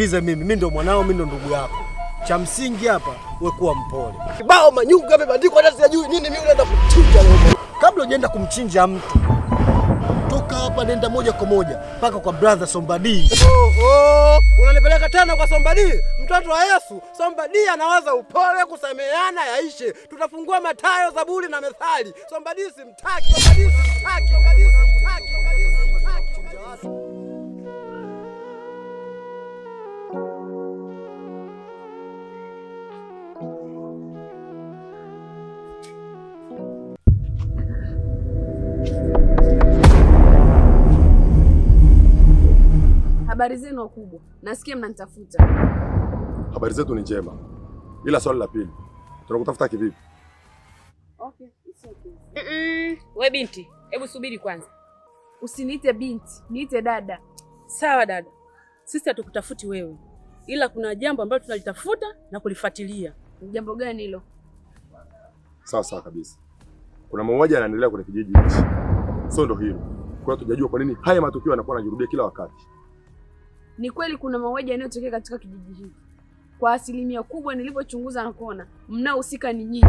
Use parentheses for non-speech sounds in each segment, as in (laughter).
nisikilize mimi, mimi ndo mwanao, mimi ndo ndugu yako. Cha msingi hapa wewe kuwa mpole. Kibao manyunga yamebandikwa hata sijui nini, mimi naenda kumchinja Kabla hujaenda kumchinja mtu, toka hapa, nenda moja kwa moja mpaka kwa brother Sombadi. Oho, unanipeleka tena kwa Sombadi? Mtoto wa Yesu, Sombadi anawaza upole, kusameheana yaishe. Tutafungua Mathayo, Zaburi na Methali. Sombadi simtaki, Sombadi simtaki, Sombadi simtaki, Sombadi simtaki. habari zenu wakubwa, nasikia mnanitafuta. Habari zetu ni njema, ila swali la pili tunakutafuta kivipi? Okay, it's okay. Mm -mm. We binti, hebu subiri kwanza, usiniite binti, niite dada. Sawa dada, sisi hatukutafuti wewe, ila kuna jambo ambalo tunalitafuta na kulifuatilia. Ni Jambo gani hilo? Sawa sawa kabisa. Kuna mauaji yanaendelea kwenye kijiji hichi, sio ndo hilo. Kwa hiyo tujajua kwa nini haya matukio yanakuwa yanajirudia kila wakati. Ni kweli kuna mauaji yanayotokea katika kijiji hiki. Kwa asilimia kubwa nilivyochunguza na kuona mnaohusika ni nyinyi.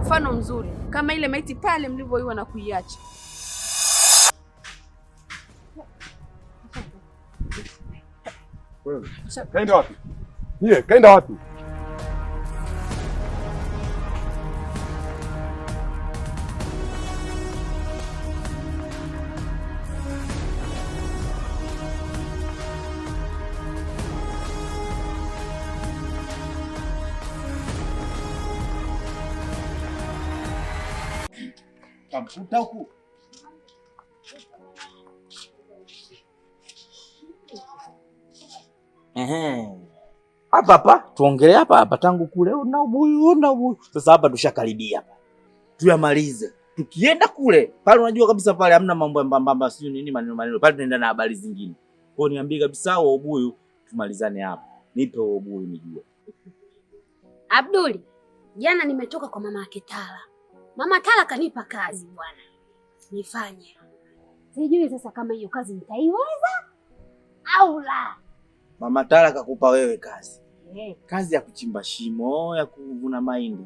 Mfano mzuri kama ile maiti pale mlivyoiwa na kuiacha. Kaenda wapi? Kaenda wapi? Kamkuta huku hapa hapa, tuongelee hapa hapa, tangu kule una ubuyu una ubuyu. Sasa hapa tushakaribia hapa, tuyamalize. Tukienda kule pale, unajua kabisa pale hamna mambo mbambamba, sio nini, maneno maneno pale, tunaenda na habari zingine. Kwa hiyo niambie kabisa, wa ubuyu tumalizane hapa, nipe wa ubuyu nijue. Abduli, jana nimetoka kwa mama Aketala Mama Tala kanipa kazi bwana, nifanye. Sijui sasa kama hiyo kazi nitaiweza au la. Mama Tala kakupa wewe kazi yeah. Kazi ya kuchimba shimo, ya kuvuna mahindi.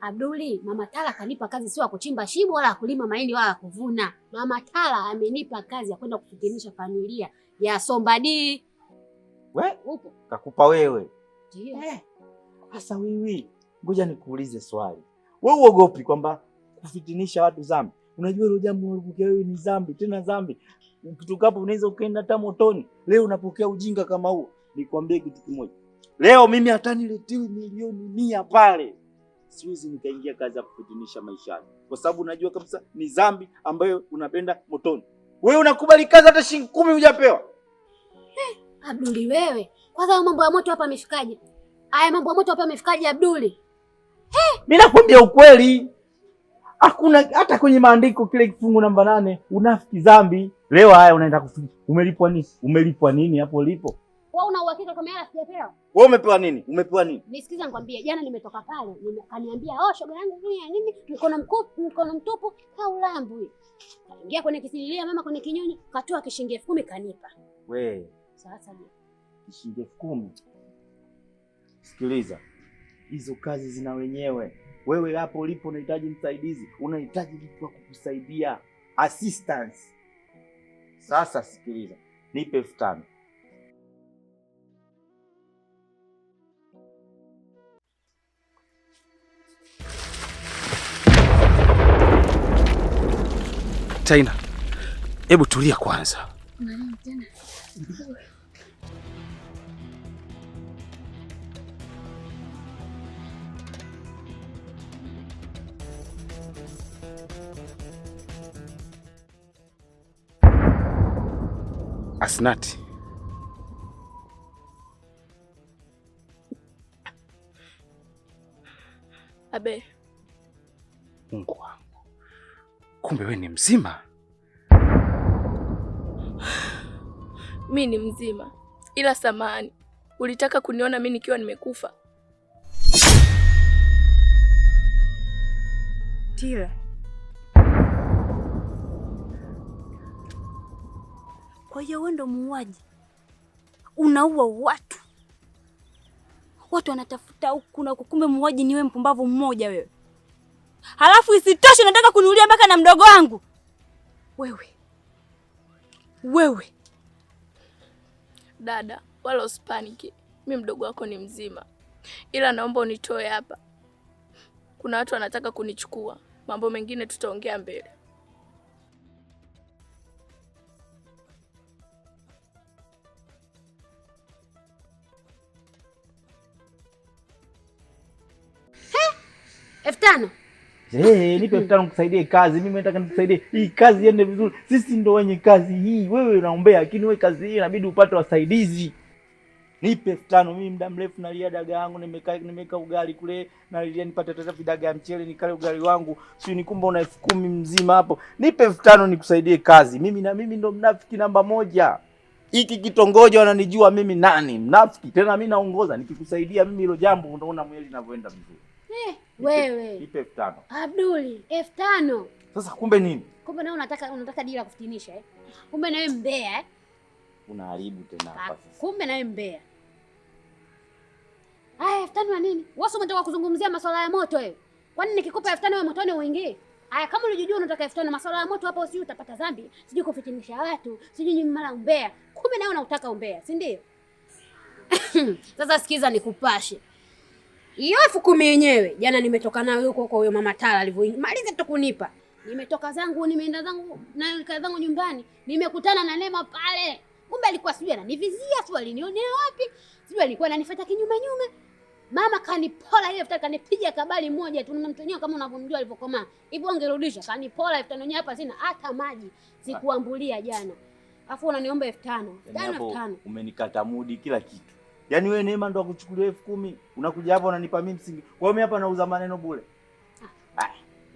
Abduli, Mama Tala kanipa kazi sio ya kuchimba shimo wala kulima mahindi wala kuvuna. Mama Tala amenipa kazi ya kwenda kupiganisha familia ya Sombadi. We, kakupa wewe sasa. Eh, wewe, Wiwi, ngoja nikuulize swali wewe uogopi kwamba kufitinisha watu zambi? Unajua hilo jambo unalopokea wewe ni zambi, tena zambi. Ukitukapo unaweza ukaenda hata motoni. Leo unapokea ujinga kama huo, nikwambie kitu kimoja. Leo mimi hata niletiwi milioni mia pale, siwezi nikaingia kazi ya kufitinisha maisha, kwa sababu unajua kabisa ni zambi ambayo unapenda motoni. Wewe unakubali kazi hata shilingi kumi hujapewa. Hey, eh, Abduli wewe, kwanza mambo ya moto hapa amefikaje? Haya mambo ya moto hapa amefikaje Abduli? Mimi nakwambia ukweli, hakuna hata kwenye maandiko kile kifungu namba nane unafiki dhambi. Leo haya unaenda kufunga, umelipwa nini? Umelipwa nini hapo ulipo? Wewe una uhakika kama hela sijapewa? Wewe umepewa nini? Umepewa nini? Nisikiza nikwambie, jana nimetoka pale, nimekaniambia, "Oh, shoga yangu hii ya nini? Mkono mkupu, mkono mtupu, kaulambu lambu. Kaingia kwenye kisililia mama kwenye kinyonyi, katoa kishingi elfu kumi kanipa. Wewe. Sasa je, kishingi elfu kumi? Sikiliza hizo kazi zina wenyewe. Wewe hapo ulipo unahitaji msaidizi, unahitaji mtu wa kukusaidia assistance. Sasa sikiliza, nipe elfu tano Taina, hebu tulia kwanza. Asnati, abe, Mungu wangu, kumbe we ni mzima. Mi ni mzima, ila samani ulitaka kuniona mi nikiwa nimekufa? Tila Kwa hiyo wewe ndo muuaji, unaua watu, watu wanatafuta huku na kukumbe muuaji ni wewe, mpumbavu mmoja wewe. Halafu isitoshe nataka kuniulia mpaka na mdogo wangu wewe. Wewe dada, wala usipaniki, mi mdogo wako ni mzima, ila naomba unitoe hapa, kuna watu wanataka kunichukua. Mambo mengine tutaongea mbele. elfu tano Hey, nipe elfu tano nikusaidie kazi. Mimi nataka nikusaidie hii kazi iende vizuri, sisi ndo wenye kazi hii. Wewe unaombea, lakini we kazi hii inabidi upate wasaidizi. Nipe elfu tano mimi muda mrefu nalia dagaa yangu, nimeka nimeka ugali kule nalilia, nipate tata vidagaa ya mchele nikale ugali wangu, sio nikumba una elfu kumi mzima hapo. Nipe elfu tano nikusaidie kazi mimi, na mimi ndo mnafiki namba moja hiki kitongoji, wananijua mimi nani mnafiki tena, mimi naongoza. Nikikusaidia mimi hilo jambo, unaona mwili linavyoenda vizuri. Eh, wewe. Ipe elfu tano. Abduli, elfu tano. Sasa kumbe nini? Kumbe nawe unataka unataka eh? Kumbe nawe mbea eh? Unaharibu tena hapa ah, sasa. Kumbe nawe mbea. Aya, elfu tano nini? Wewe kuzungumzia masuala ya moto wewe. Eh? Kwani nikikupa elfu tano wewe motoni uingie? Aya, kama ulijijua unataka elfu tano masuala ya moto hapo, sijui utapata dhambi, sijui kufitinisha watu, sijui mara umbea. Kumbe nawe unataka umbea, si ndio? (coughs) Sasa sikiza nikupashe. Hiyo elfu kumi yenyewe jana nimetoka nayo huko kwa huyo mama Tala alivyomaliza tu kunipa. Nimetoka zangu nimeenda zangu na nikaa zangu nyumbani, nimekutana na Neema pale. Kumbe alikuwa sijui ananivizia, sijui alinionea wapi, sijui alikuwa ananifuata kinyume nyume. Mama kanipola ile elfu kanipiga kabali moja tu, namtonyoa kama unavyomjua alivyokomaa. Hivyo ungerudisha kanipola elfu tano hapa sina hata maji, sikuambulia jana. Afu unaniomba elfu tano. Umenikata mudi kila kitu. Yaani wewe Neema ndo akuchukulia elfu kumi unakuja hapa unanipa mimi msingi. Kwa hiyo mimi hapa nauza maneno bure. Ah. ah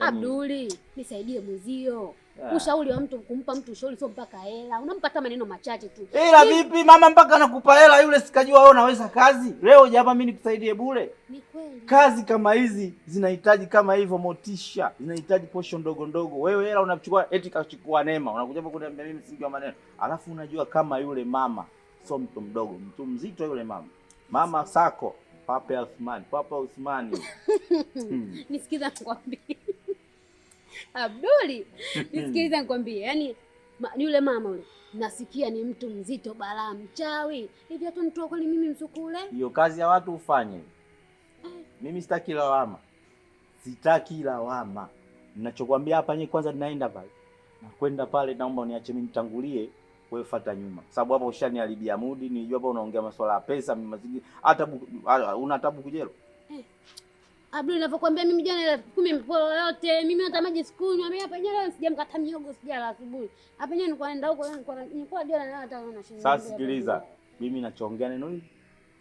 yaani Abduli, nisaidie mwezio. Yeah. Ushauri wa mtu kumpa mtu ushauri sio mpaka hela. Unampa hata maneno machache tu. Hela vipi mama mpaka anakupa hela yule sikajua wewe unaweza kazi. Leo uje hapa mimi nikusaidie bure. Ni kweli. Kazi kama hizi zinahitaji kama hivyo motisha, zinahitaji posho ndogo ndogo. Wewe hela unachukua eti kachukua Neema. Unakuja hapa kuniambia mimi msingi wa maneno. Alafu unajua kama yule mama sio mtu mdogo, mtu mzito yule mama. Mama Sako, Papa Uthmani, Papa Uthmani. (laughs) Nisikiza nikwambie. (laughs) Abduli, nisikiza nikwambie. Yaani yule mama yule nasikia ni mtu mzito, balaa, mchawi. Hivi hata mtu ni mimi msukule? Hiyo kazi ya watu ufanye. Mimi sitaki lawama. Sitaki lawama. Ninachokwambia hapa nyinyi kwanza ninaenda pale. Nakwenda pale naomba uniache mimi nitangulie wewe fuata nyuma, sababu hapo ushaniharibia mudi. Nilijua hapo unaongea masuala ya pesa, mimi hata una tabu kujelo eh. Abdul, ninavyokuambia mimi jana ile 10 mpolo yote mimi hata maji sikunywa mimi hapa jana sijamkata miogo sijala asubuhi. Hapa jana nilikuwa naenda huko nilikuwa nilikuwa jana na hata naona shida. Sasa sikiliza. Mimi nachoongea neno hili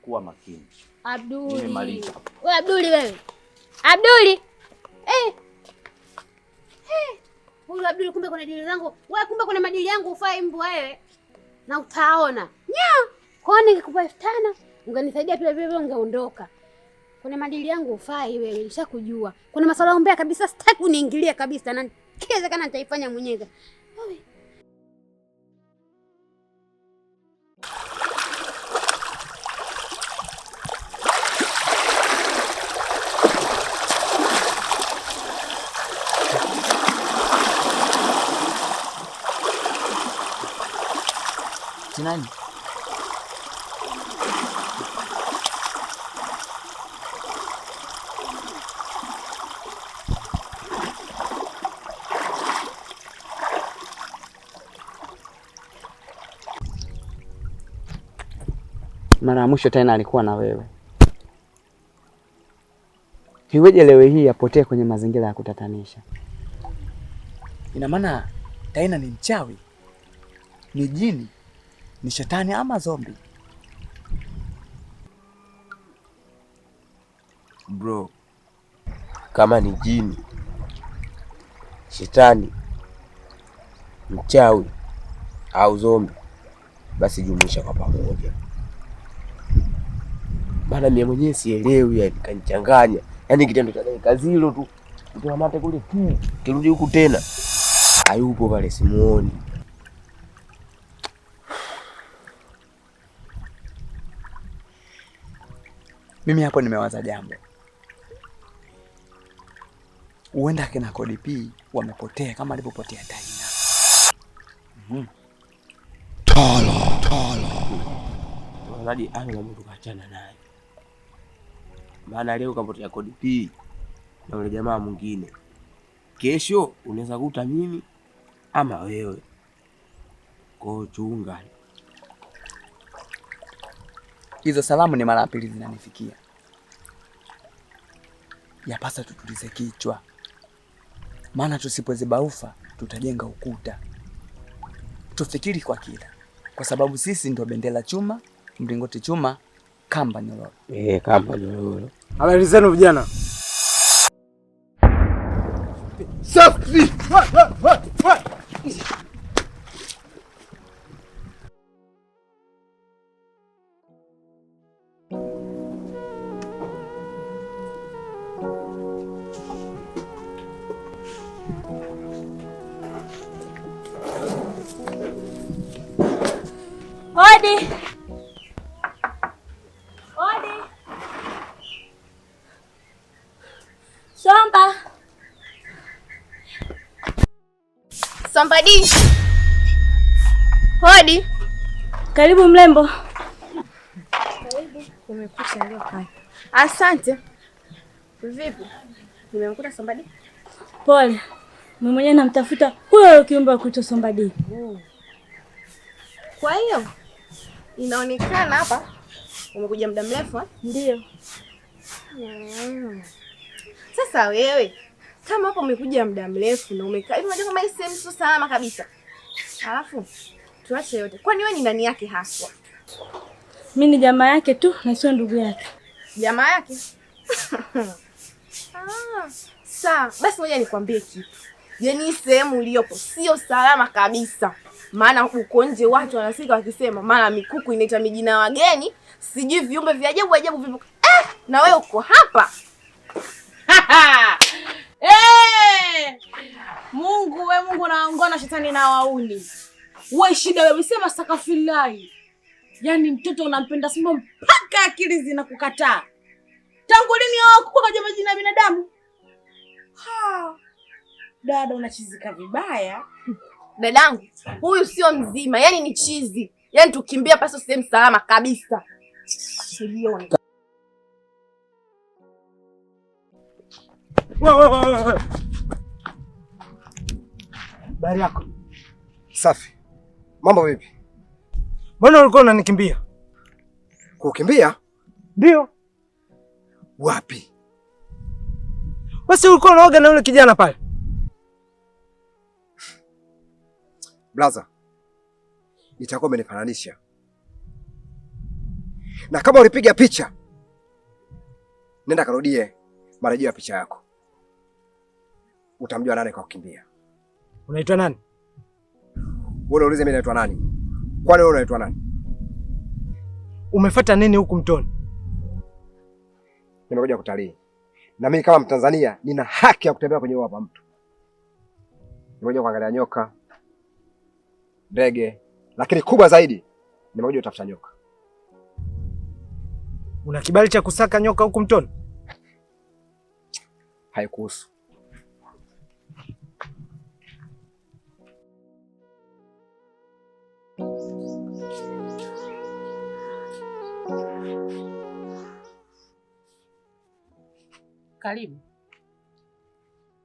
kuwa makini. Abdul. Nimemaliza. Wewe Abdul wewe. Abdul. Eh. Abdul, kumbe kuna dili zangu wewe, kumbe kuna madili yangu ufai mbu wewe, na utaona nya kwao. Ningekupa elfu tano ungenisaidia pia vile vile, ungeondoka. Kuna madili yangu ufai wewe, nishakujua. Kuna masuala umbea kabisa, sitaki uniingilie kabisa, na kiwezekana nitaifanya mwenyewe. mara ya mwisho tena alikuwa na wewe? Iweje leo hii apotee kwenye mazingira ya kutatanisha? Ina maana Taina ni mchawi, ni jini, ni shetani ama zombi? Bro, kama ni jini, shetani, mchawi au zombi, basi jumuisha kwa pamoja bana, mimi mwenyewe sielewi, yani kanichanganya, yani kitendo cha dakika zilo tu mate kule tu kirudi huku tena hayupo pale, simuoni. Mimi hapo nimewaza jambo, huenda kina Kodi P wamepotea kama alipopotea Taina. mm -hmm. Tala tala, walaji mtu kachana naye maana leo kapotea kodi P na yule jamaa mwingine, kesho unaweza kuta mimi ama wewe. Kwa chunga hizo salamu, ni mara ya pili zinanifikia. Yapasa tutulize kichwa, maana tusipozibaufa tutajenga ukuta. Tufikiri kwa kila, kwa sababu sisi ndio bendera chuma, mlingoti chuma Kamba Nyororo. Eh, Kamba Nyororo. Habari zenu vijana? Somebody. Hodi. Karibu mlembo. Karibu. leo kai. Asante. Vipi? Nimemkuta Somebody? Pole. Mimi mwenyewe namtafuta huyo kiumbe wa kuitwa Somebody. Hmm. Kwa hiyo inaonekana hapa umekuja muda mrefu eh? Ndio. Hmm. Sasa wewe kama hapo umekuja muda mrefu na umekaa hivi, unajua kama hii sehemu sio salama kabisa. Alafu tuache yote, kwani wewe ni nani yake haswa? Mimi ni jamaa yake tu na sio ndugu yake. Jamaa yake? (laughs) Ah, sawa basi, ngoja nikwambie kitu. Yaani sehemu uliyopo sio salama kabisa, maana uko nje watu wanasika wakisema, mara mikuku inaita mijina wageni, sijui viumbe vya ajabu ajabu vipo eh, na wewe uko hapa (laughs) Mungu we Mungu naangona shetani na wauni. We shida wewe sema sakafilai. Yaani mtoto unampenda simba mpaka akili zinakukataa. Tangu lini hao kuku kwa majina ya binadamu? Ha. Dada unachizika vibaya. Dadangu, huyu sio mzima, yaani ni chizi. Yaani tukimbia paso sehemu salama kabisa. Sio Habari yako? Safi. Mambo vipi? Mbona ulikuwa unanikimbia? Kukimbia? Ndio. Wapi? Basi ulikuwa unaoga na yule kijana pale. Blaza, itakuwa umenifananisha na kama ulipiga picha, nenda karudie marejeo ya picha yako utamjua nani kwa kukimbia. Unaitwa nani? Wewe uliza mimi naitwa nani? Kwani wewe unaitwa nani? Umefuata nini huku mtoni? Nimekuja kutalii. Na mimi kama Mtanzania nina haki ya kutembea kwenye hapa mtu. Nimekuja kuangalia nyoka, ndege, lakini kubwa zaidi nimekuja kutafuta nyoka. Una kibali cha kusaka nyoka huku mtoni? Haikuhusu. Karibu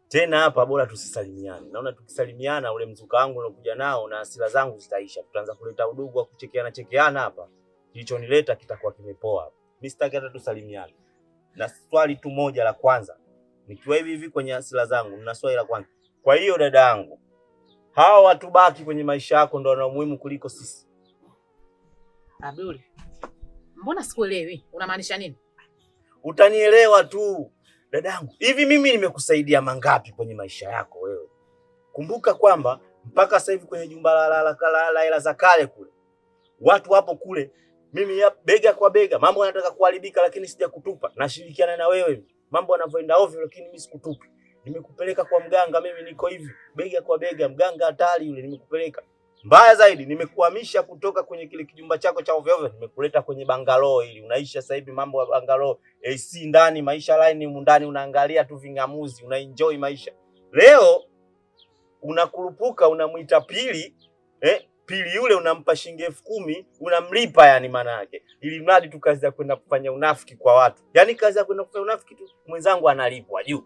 tena hapa, bora tusisalimiane. Naona tukisalimiana ule mzuka wangu unaokuja nao na hasira zangu zitaisha. Tutaanza kuleta udugu wa kuchekeana chekeana hapa, kilichonileta kitakuwa kimepoa. Mimi sitaki hata tusalimiane. Na swali tu moja la kwanza, nikiwa hivi hivi kwenye hasira zangu, na swali la kwanza, kwa hiyo dada yangu Hawa watu baki kwenye maisha yako ndio wana umuhimu kuliko sisi. Abdul, mbona sikuelewi? Unamaanisha nini? Utanielewa tu dadangu. Hivi mimi nimekusaidia mangapi kwenye maisha yako wewe? Kumbuka kwamba mpaka sasa hivi kwenye jumba la la la la hela za kale kule watu wapo kule, mimi bega kwa bega, mambo yanataka kuharibika, lakini sija kutupa. Nashirikiana na wewe mambo yanavyoenda ovyo, lakini mimi sikutupi nimekupeleka kwa mganga, mimi niko hivi bega kwa bega, mganga hatari yule, nimekupeleka mbaya zaidi, nimekuhamisha kutoka kwenye kile kijumba chako cha ovyo ovyo, nimekuleta kwenye bangalo ili unaisha sasa hivi. Mambo ya bangalo AC ndani, maisha line huko ndani, unaangalia tu vingamuzi, unaenjoy maisha. Leo unakurupuka, unamwita pili eh, pili yule unampa shilingi elfu kumi unamlipa, yani maana yake, ili mradi tu kazi ya kwenda kufanya unafiki kwa watu, yani kazi ya kwenda kufanya unafiki tu, mwenzangu analipwa juu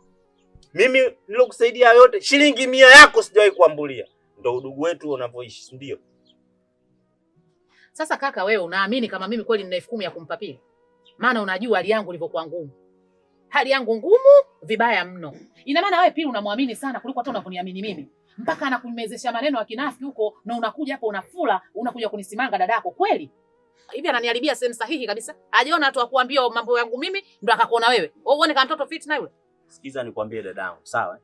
mimi nilokusaidia yote, shilingi mia yako sijawahi kuambulia. Ndo udugu wetu unavyoishi, ndio? Sasa kaka, wewe unaamini kama mimi kweli nina elfu kumi ya kumpa Pili? Maana unajua hali yangu ilivyokuwa ngumu, hali yangu ngumu vibaya mno. Ina maana wewe Pili unamwamini sana kuliko hata unavyoniamini mimi, mpaka anakumezesha maneno ya kinafiki huko, na unakuja hapo unafula, unakuja kunisimanga dadako. Kweli hivi ananiharibia sehemu sahihi kabisa. Ajiona tu akuambia mambo yangu mimi, ndo akakuona wewe. Wewe uone kama mtoto fitna yule. Sikiza nikwambie dadangu, sawa?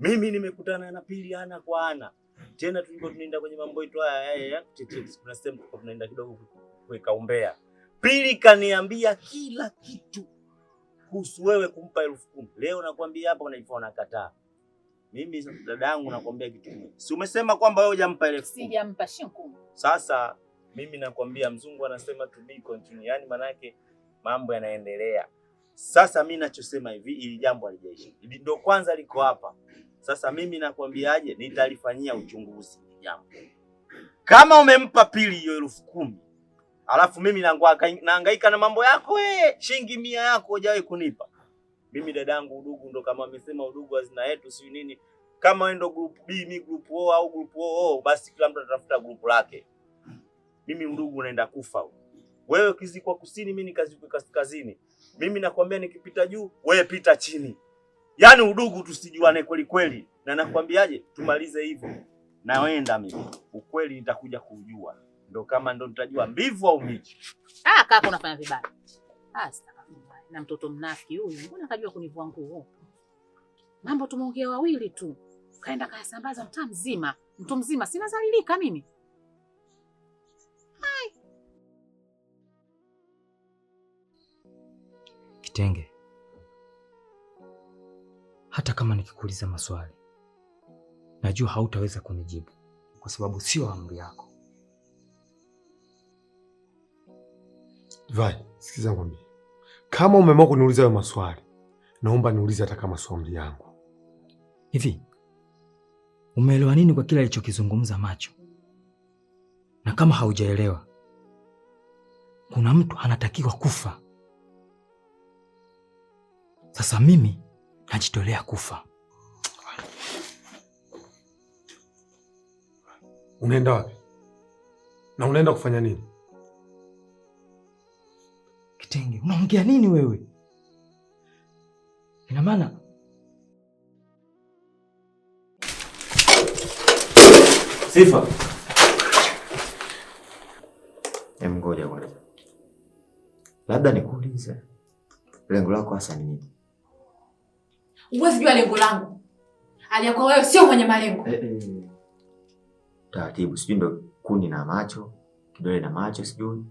Mimi nimekutana na Pili ana kwa ana tena, tulikuwa tunaenda kwenye mambo yetu haya ya kuna sehemu tulikuwa tunaenda kidogo kuweka umbea. Pili kaniambia kila kitu kuhusu wewe kumpa elfu kumi. Leo nakwambia hapa unaifa unakataa. Mimi dadangu nakwambia kitu kimoja. Si umesema kwamba wewe hujampa elfu kumi? Sijampa shilingi. Sasa mimi nakwambia mzungu anasema to be continue. Yaani maana yake mambo yanaendelea. Sasa mimi ninachosema hivi, ili jambo halijaisha, ndio kwanza liko hapa. Sasa mimi nakwambiaje, nitalifanyia uchunguzi hili jambo. Kama umempa pili hiyo elfu kumi alafu mimi nahangaika na mambo yako eh, shilingi mia yako hujawahi kunipa mimi. Dadangu, udugu ndo kama amesema, udugu hazina yetu, si nini? Kama wewe ndo group B, mimi group O au group O, basi kila mtu anatafuta group lake. Mimi udugu unaenda kufa wewe, kizi kwa kusini, mimi nikazikwa kaskazini. Mimi nakwambia nikipita juu, wewe pita chini, yaani udugu tusijuane kweli kweli. Na nakwambiaje, tumalize hivyo, nawenda mimi. Ukweli nitakuja kujua, ndo kama ndo nitajua mbivu au mbichi. Ah, kaka unafanya vibaya. Ah, na mtoto mnafiki huyu, mbona kajua kunivua nguo? Mambo tumeongea wawili tu, kaenda kayasambaza mtaa mzima, mtu mzima, sinazalilika mimi nijitenge, hata kama nikikuuliza maswali najua hautaweza kunijibu kwa sababu sio amri yako. Vai, sikiza nikwambie, kama umeamua kuniuliza hayo maswali, naomba niulize hata kama sio amri yangu. Hivi umeelewa nini kwa licho alichokizungumza Macho? Na kama haujaelewa, kuna mtu anatakiwa kufa sasa mimi najitolea kufa. Unaenda wapi na unaenda kufanya nini? Kitenge, unaongea nini wewe? Ina maana Sifa, Emgoja kwanza, labda nikuulize lengo lako hasa ni nini? Uwezi jua lengo langu. Aliyakuwa wewe sio mwenye malengo. Eh, eh. Taratibu, sijui ndo kuni na macho, kidole na macho sijui.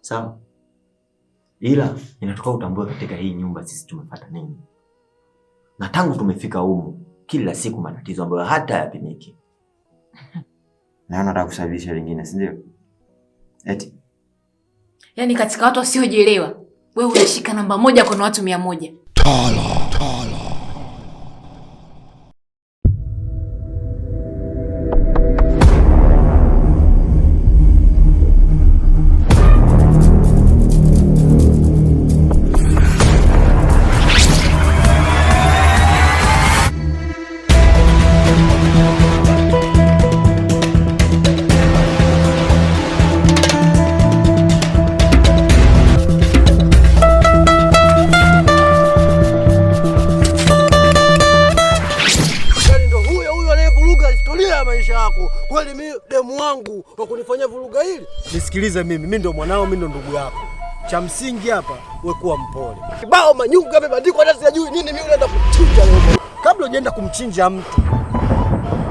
Sawa. Ila inatoka utambue katika hii nyumba sisi tumepata nini? Na tangu tumefika humu kila siku matatizo ambayo hata hayapimiki. (laughs) Na nataka kusababisha lingine, si ndio? Eti. yani katika watu wasiojielewa, wewe unashika namba moja kwa watu mia moja. Tala. wangu kwa kunifanyia vuruga hili? Nisikilize mimi, mimi ndo mwanao, mimi ndo ndugu yako. Cha msingi hapa wewe kuwa mpole. Kibao manyunga amebandikwa hata sijui nini, mimi naenda kuchinja leo. Kabla hujaenda kumchinja mtu,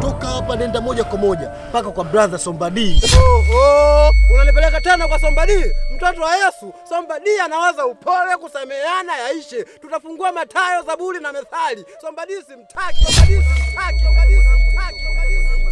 toka hapa, nenda moja kwa moja mpaka kwa brother Sombadi. Oho, unanipeleka tena kwa Sombadi? Mtoto wa Yesu, Sombadi anawaza upole, kusameheana yaishe. Tutafungua Mathayo, Zaburi na Methali. Sombadi simtaki, Sombadi simtaki, Sombadi simtaki, Sombadi simtaki.